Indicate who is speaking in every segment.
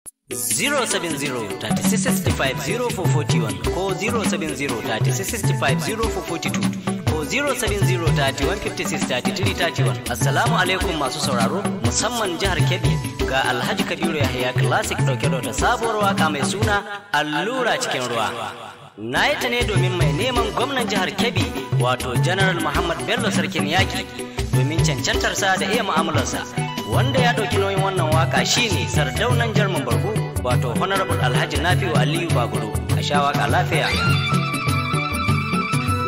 Speaker 1: 070-3665-0441 ko 070-3665-0442 ko 070-3156-3331 Assalamu alaikum masu sauraro musamman jihar Kebbi ga Alhaji Kabiru Yahaya Classic ɗauke da sabuwar waka mai suna Allura cikin ruwa. Na yi ta ne domin mai neman gwamnan jihar Kebbi wato General Muhammad Bello Sarkin Yaki domin cancantarsa da iya mu'amalarsa. wanda ya ɗauki nauyin wannan waka shine sardaunan jarman bargo wato honorable alhaji nafi'u aliyu baguro a sha waka lafiya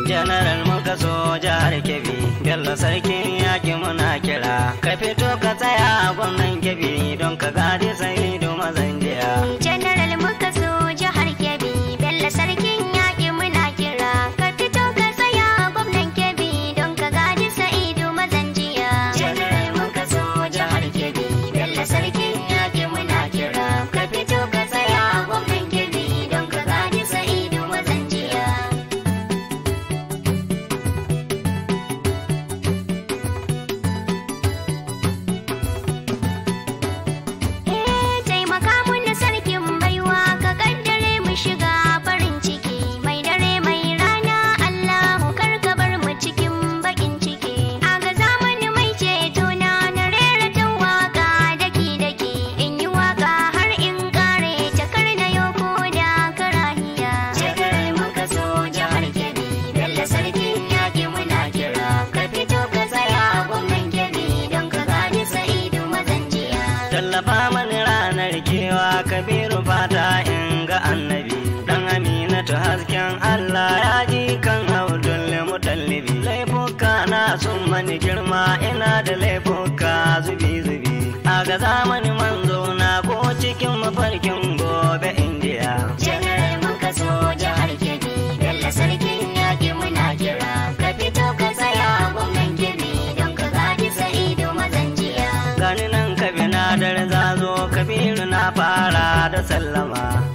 Speaker 1: janaral muka so jihar kebbi bello sarkin yaki muna kira ka fito ka tsaya a gwamnan kebbi don ka gadi sai mazan
Speaker 2: jiya
Speaker 1: laifuka na sun mani girma ina da laifuka zubi-zubi a ga zamani manzo na ko cikin mafarkin gobe indiya janarai muka so jihar kebbi bella
Speaker 2: sarkin yaƙi muna kira ka fito ka tsaya a gwamnan kebbi don ka gaji sa'ido mazanjiya
Speaker 1: gani nan ka binadar zazo kabiru na fara da sallama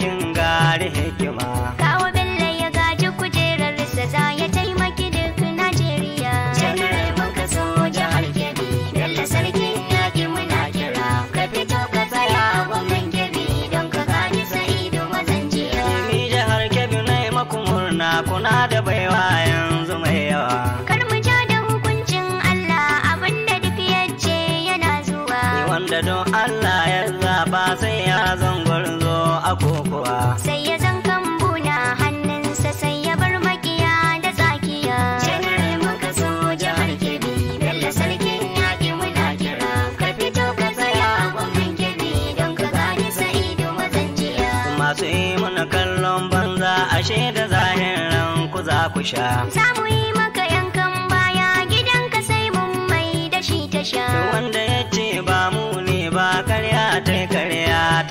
Speaker 1: kin gari hikima.
Speaker 2: Kawo Bello ya gaji kujerar sa za ya taimaki duk Najeriya. Janaral baka so jihar Kebbi, Bello sarki yaƙi muna kira. Ka fito ka tsaya a gwamnan Kebbi don ka gani ido mazan jiya.
Speaker 1: Ni jihar Kebbi na yi maku murna kuna da baiwa yanzu mai yawa.
Speaker 2: da hukuncin Allah duk yana zuwa.
Speaker 1: don Allah kokowa.
Speaker 2: Sai ya zan kan buna hannunsa sai ya bar makiya da tsakiya. General muka so jihar kebi bella sarkin yaƙi muna kira. Ka fito ka
Speaker 1: tsaya a gwamnan kebi don ka gani sa'idu mazanjiya. Masu yi muna kallon banza ashe da zahirin ku za ku sha. Za yi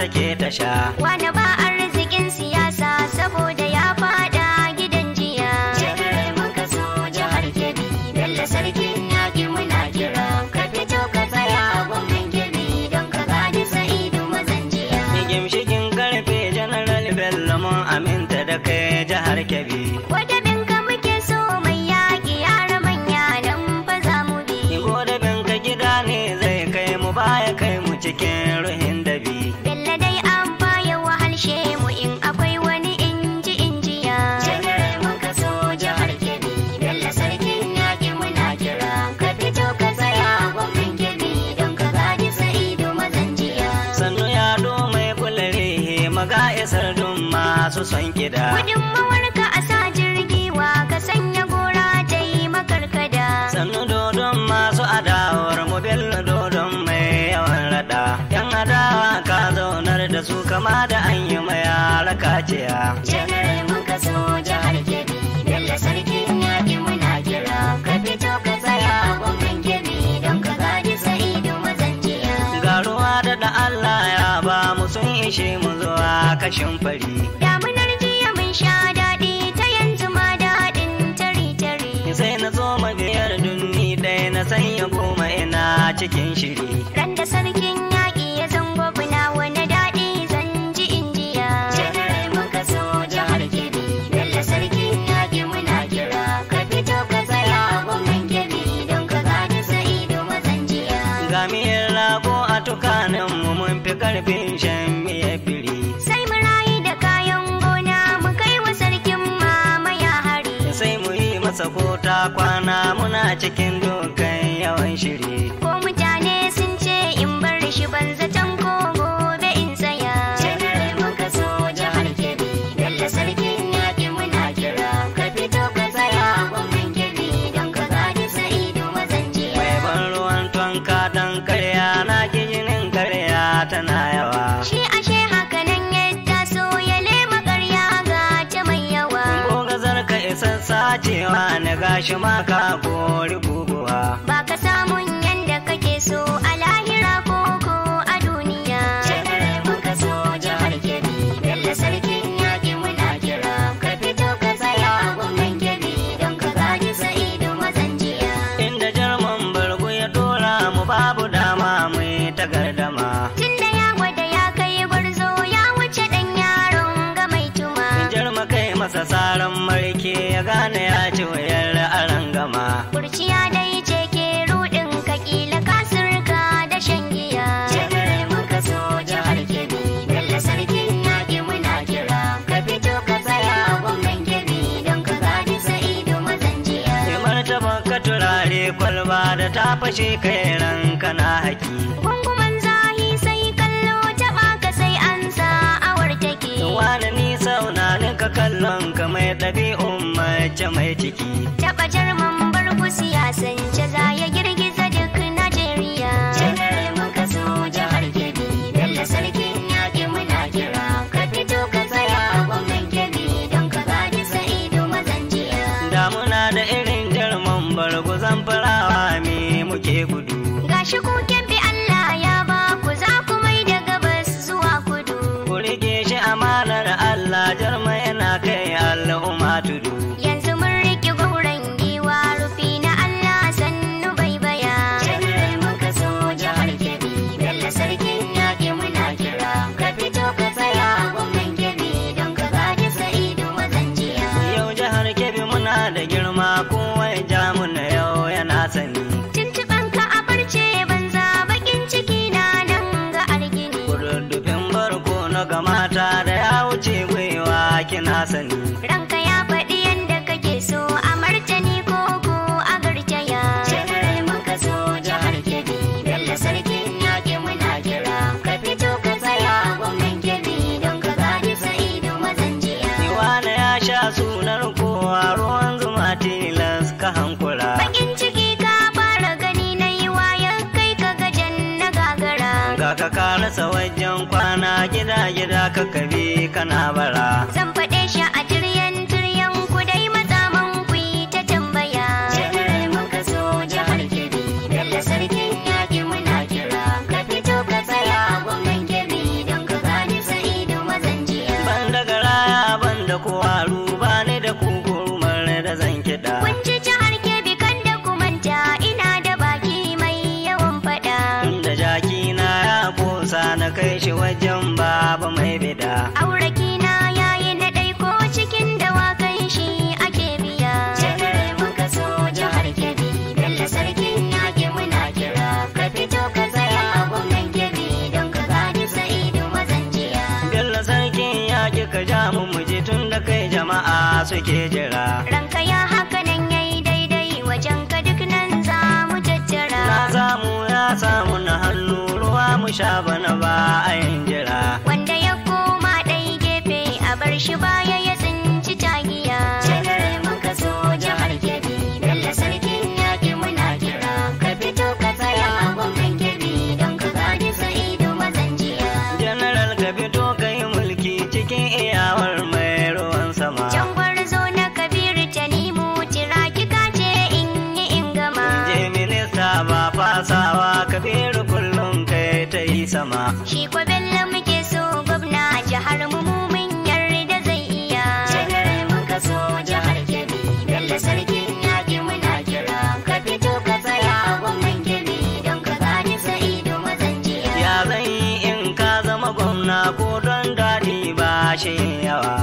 Speaker 1: take ta sha.
Speaker 2: Wani ba arzikin siyasa saboda ya fada gidan jiya. Jihar muka so jihar Kebbi, Bello sarkin yaƙi muna kira. Ka ka tsaya a don ka sa'idu
Speaker 1: shigin karfe General Bello mun aminta da kai jihar Kebbi. Wadabin ka muke so
Speaker 2: mai yaƙi yara manya don mu bi. ka gida ne zai kai mu baya
Speaker 1: kai mu cikin son kiɗa. Kudin mawarka a sa jirgiwa ka sanya gora ta yi makarkada. Sannu dodon masu adawar mu bello dodon mai yawan raɗa. Yan adawa ka zaunar da su kama da an yi ma yara kaciya. Janar muka so jihar Kebbi, Bello sarkin yaƙi muna kira. Ka fito ka tsaya a gwamnan Kebbi don ka gaji sa'idu mazanjiya. Ga ruwa da da Allah ya ba mu sun ishe mu zuwa kashin fari. cikin shiri. Ran da sarkin yaƙi ya zango bula wani daɗi zan ji injiya. Janarai muka
Speaker 2: so jihar Kebbi, Bello sarkin yaƙi muna kira. Ka fito ka tsaya a gomen Kebbi don ka gada da mazan jiya.
Speaker 1: Ga miyar rago a tukanin mu mun fi ƙarfin shan miyafi. ta kwana muna cikin dokan yawan shiri.
Speaker 2: Ko mutane sun ce in bar shi banza ta
Speaker 1: cewa na gashi maka gori guguwa. fashe kai ranka na haki.
Speaker 2: Gunguman zahi sai kallo taɓa ka sai an awar take. Wani ni sauna
Speaker 1: ni ka kallon ka mai ɗabi'un mace mai ciki.
Speaker 2: Taɓa jarman barku siyasan
Speaker 1: 是古典边。rasa wajen kwana gida-gida ka kabe kana bara.
Speaker 2: Zan faɗe shi a jiryan jiryan ku dai matsaman ku yi ta tambaya. Jihar muka zo jihar Kebbi, Bello sarkin yaƙi muna kira. Ka fito ka tsaya gwamnan Kebbi don ka gani sa'i da jiya. Ban da garaya ban
Speaker 1: da kowaru ba ne da kukurumar da zan kiɗa. mai bida
Speaker 2: auraki na yayi na dai ko cikin dawakan shi ake biya jami'ai muka so jihar kebbi bello sarkin yaƙi muna kira ka fito ka tsaya a gwamnan kebbi don ka gani sa'idu mazanjiya
Speaker 1: bello sarkin yaƙi ka ja mu muje tun da kai jama'a suke jira
Speaker 2: ranka ya haka nan yayi daidai wajen
Speaker 1: ka duk nan za mu tattara na samu ya samu na hannu ruwa mu sha bana ba ayin sama
Speaker 2: shi kwa bello muke so gwamna jihar mu mumin yar da zai iya sanare muka so jihar kebbi bello sarkin yaƙi muna kira ka fito ka tsaya a gwamnan kebbi don ka gani sa'ido mazanjiya
Speaker 1: ya zai in ka zama gwamna ko don daɗi ba shi yawa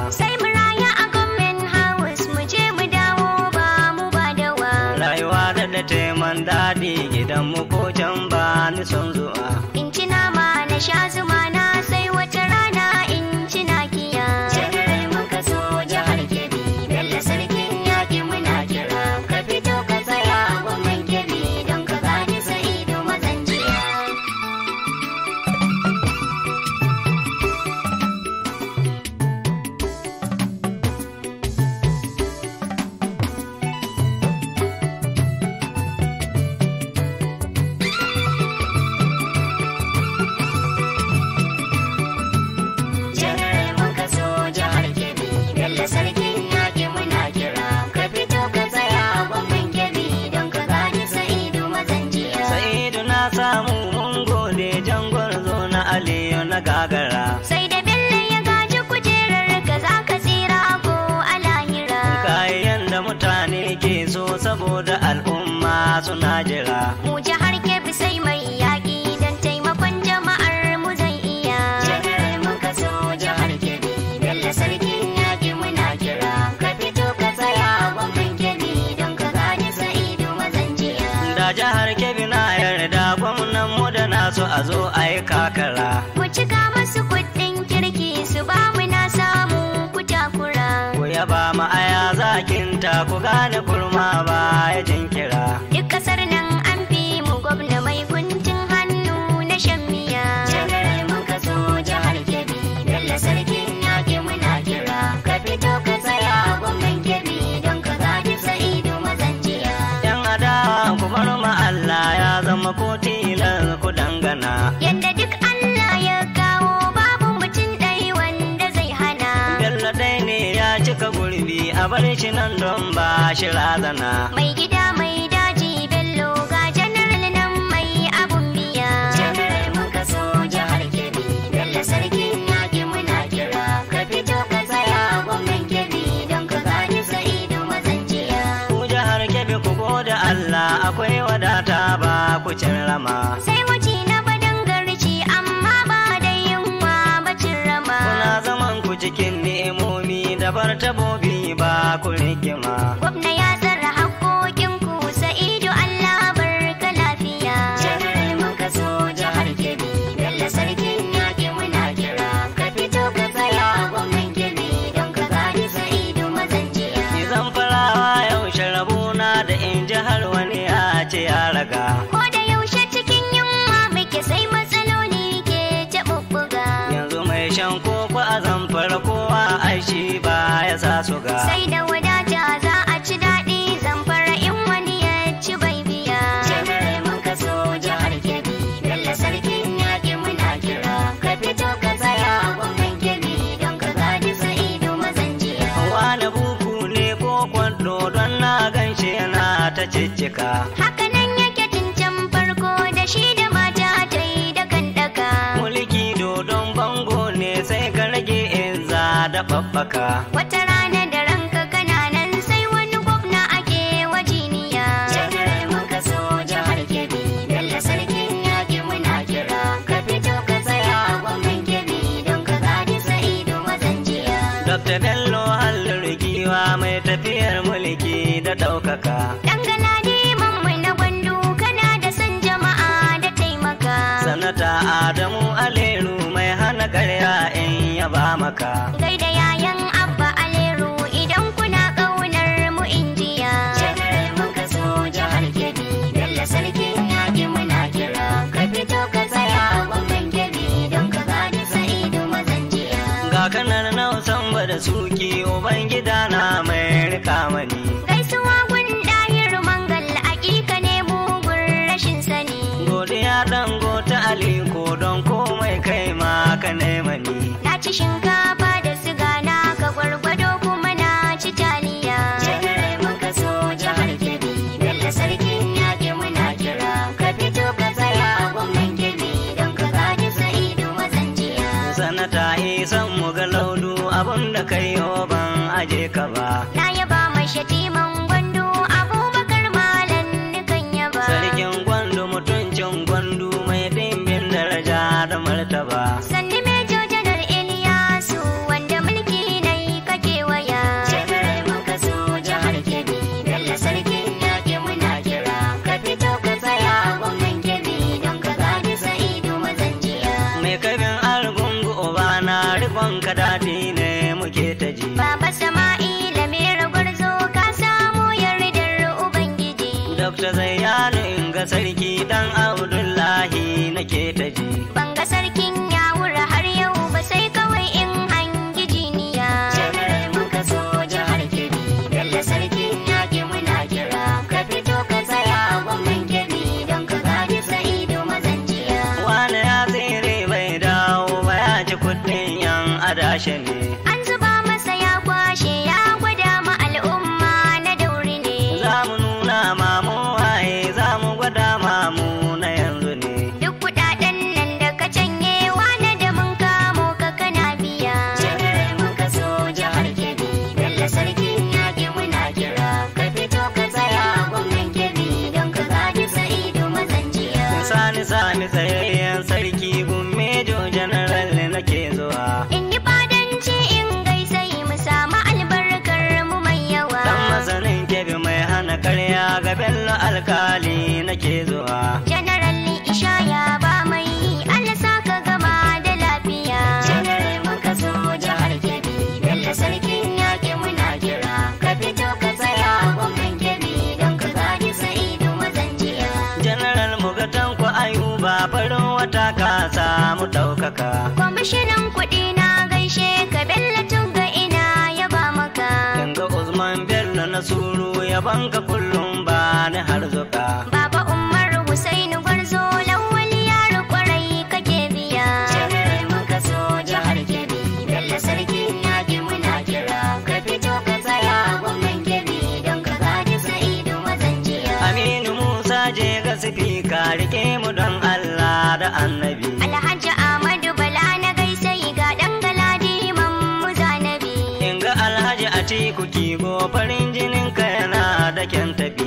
Speaker 1: a zo a yi kakara.
Speaker 2: Ku cika masu kuɗin kirki su ba mu na samu ku takura.
Speaker 1: Ku yaba ma aya zakin ta ku gane kurma ba ya jinkira.
Speaker 2: Duk ƙasar nan
Speaker 1: bar shi nan don ba shi razana.
Speaker 2: Mai gida mai daji bello ga janaral nan mai abun biya. Janaral muka so
Speaker 1: jihar Kebbi, bello sarkin yaƙi muna kira. Ka fito ka tsaya a gwamnan Kebbi don ka gani sa'idu mazanciya. Ku jihar Kebbi ku gode Allah akwai wadata ba ku cin rama. da bar tabobi ba ku rigima. Gwamna ya ka haka nan yake tuncan farko da shi da mata ta yi da kan daka mulki dodon bango ne sai ka rage in za da babbaka taimaka.
Speaker 2: da yayan Abba Aleru idan kuna ƙaunar mu Indiya. General mun ka zo jihar Kebbi, Bello yaƙi muna kira. Ka fito ka tsaya a gwamnan Kebbi don ka gane sa'idu
Speaker 1: mazanjiya. Ga kanar na san ba da suki, Ubangida na mai rika mani. Gaisuwa gun
Speaker 2: ne bugun rashin sani.
Speaker 1: ya dango ta Aliko don komai kai ma ka nemani.
Speaker 2: ci shinkafa da siga na ka gwargwado kuma na ci taliya jihar mun so jihar kebbi bello sarkin yaƙi muna kira ka fito ka tsaya a gwamnan kebbi don ka gaji
Speaker 1: sa'idu mazan jiya sanata isan mu ga laudu abun da kai ban aje ka ba na
Speaker 2: yaba mai shatiman
Speaker 1: da zai in ga sarki dan Abdul tsayayyen sarki janaral janar nake zuwa. In yi fadanci in gaisa mu samu
Speaker 2: albarkar mu mai yawa. Dan
Speaker 1: masanin kebe mai hana karya ga bello alkali nake zuwa. mu ɗaukaka.
Speaker 2: Kwamishinan kuɗi na gaishe ka Bello Tugga ina ya ba maka.
Speaker 1: Yanga Usman Bello na suru ya banka kullum ba ni har zuka.
Speaker 2: Baba Umar Hussein Gwarzo lawali yaro ka ke biya. Jami'ai muka so jihar Kebbi Bello Sarki na ke muna kira.
Speaker 1: Ka fito ka tsaya gwamnan Kebbi don ka gaji Sa'idu mazanjiya. Aminu Musa je ga sifi ka rike mu don Allah da annabi. kuki go farin jinin ka yana da kyan tafi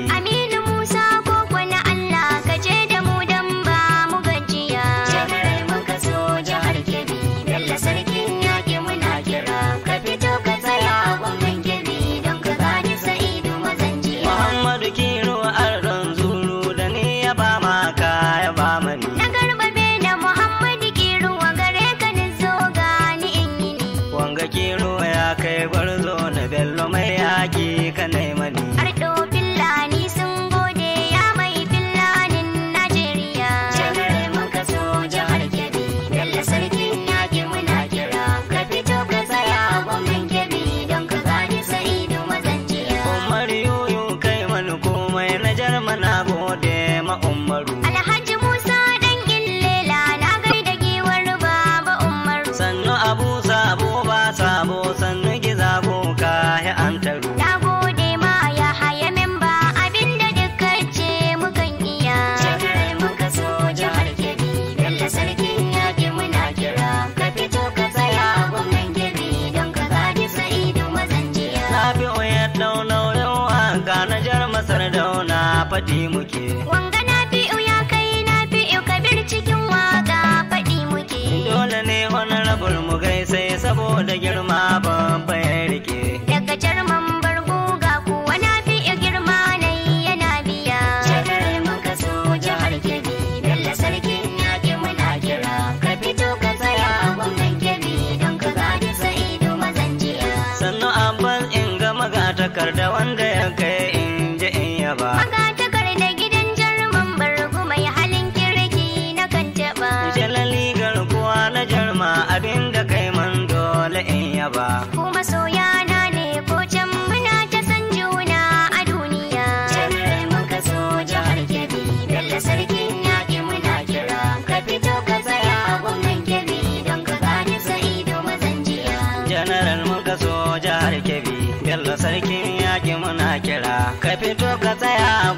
Speaker 1: da wanda ya kai in je in yaba.
Speaker 2: Maga da gidan jarman bargu mai halin kirki na kan taɓa. Jalali
Speaker 1: garkuwa na jarma abinda kai man dole in yaba.
Speaker 2: Kuma soya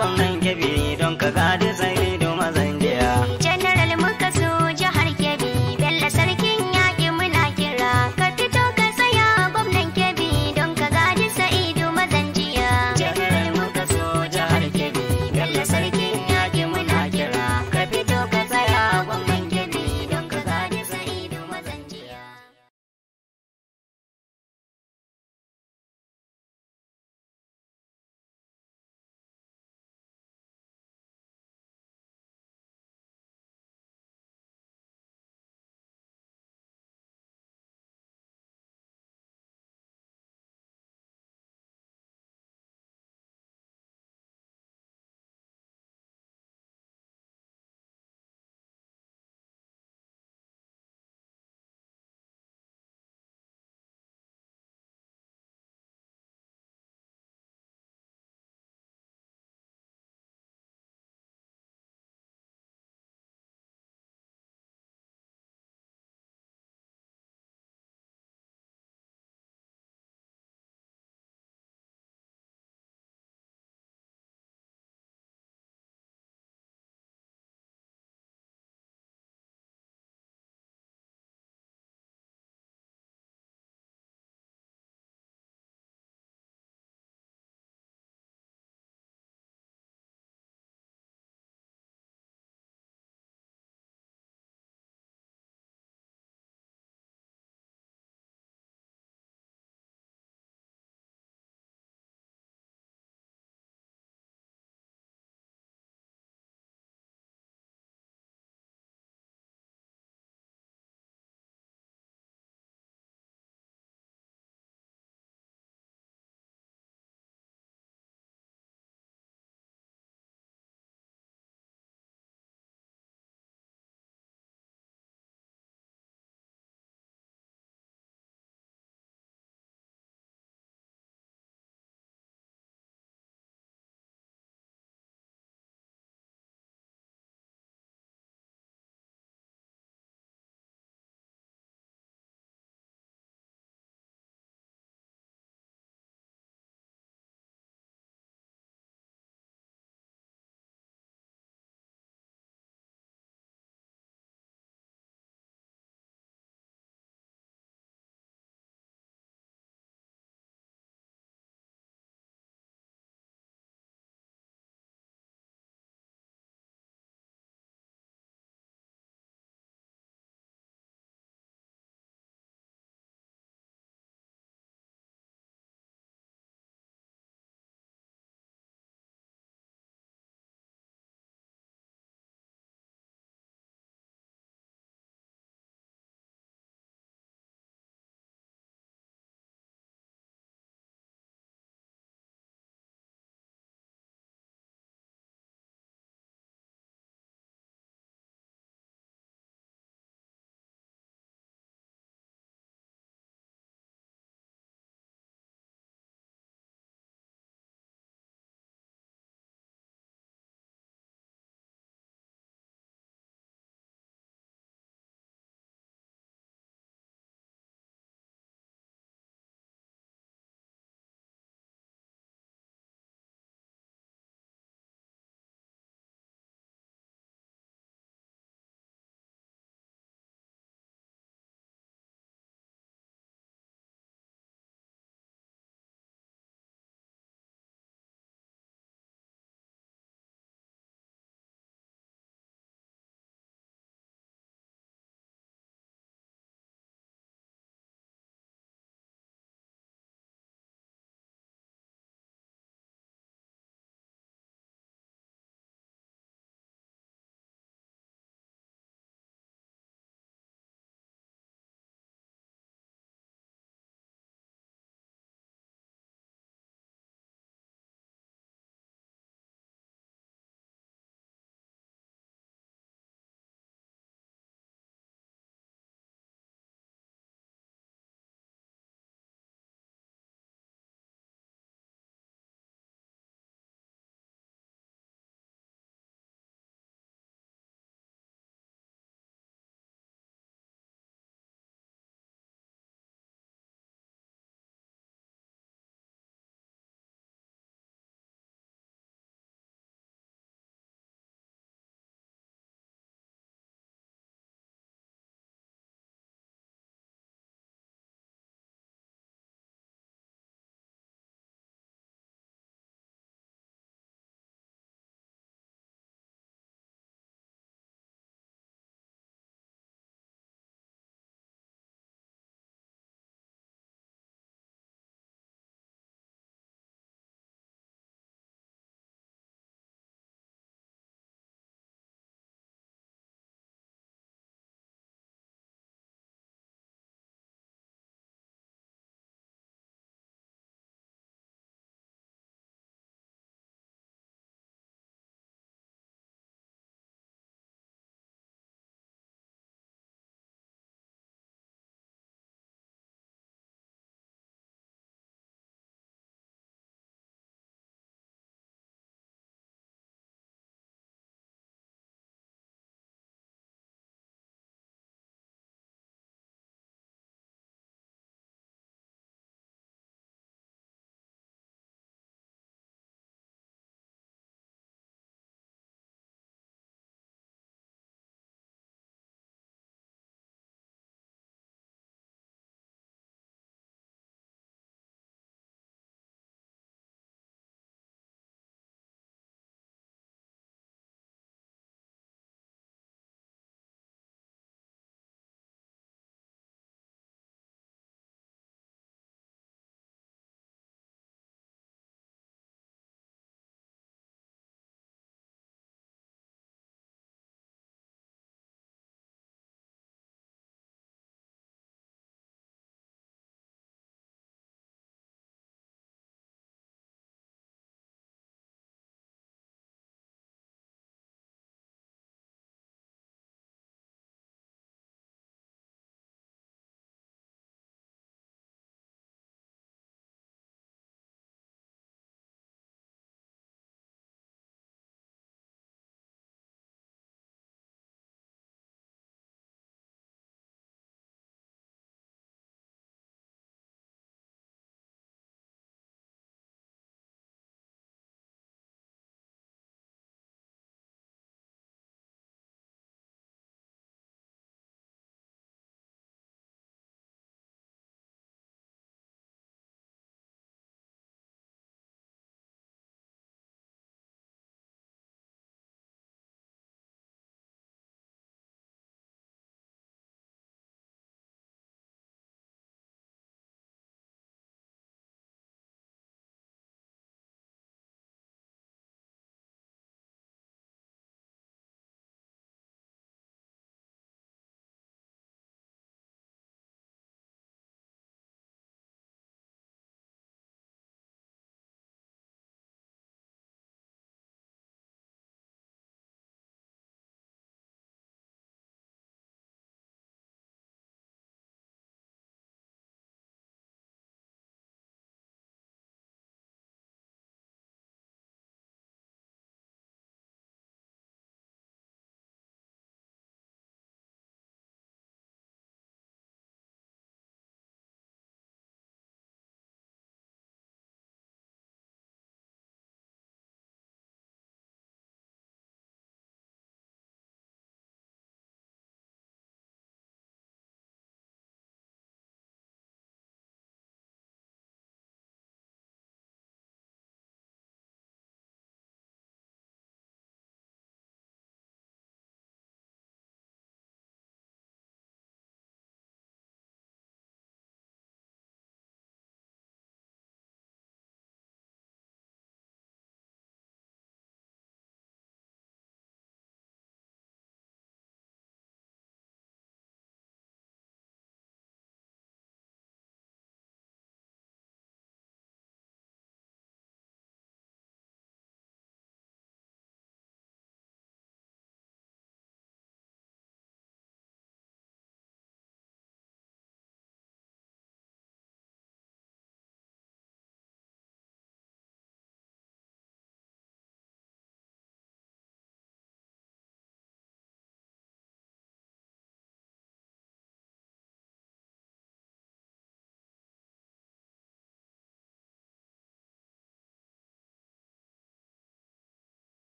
Speaker 1: gwamnan ne don ka gadi